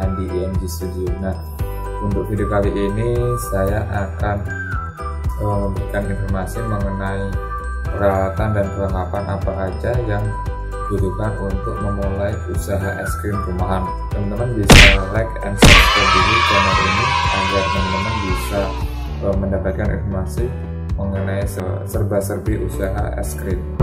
pekerjaan di IMG Studio. Nah, untuk video kali ini saya akan eh, memberikan informasi mengenai peralatan dan perlengkapan apa aja yang dibutuhkan untuk memulai usaha es krim rumahan. Teman-teman bisa like and subscribe dulu channel ini agar teman-teman bisa eh, mendapatkan informasi mengenai serba-serbi usaha es krim.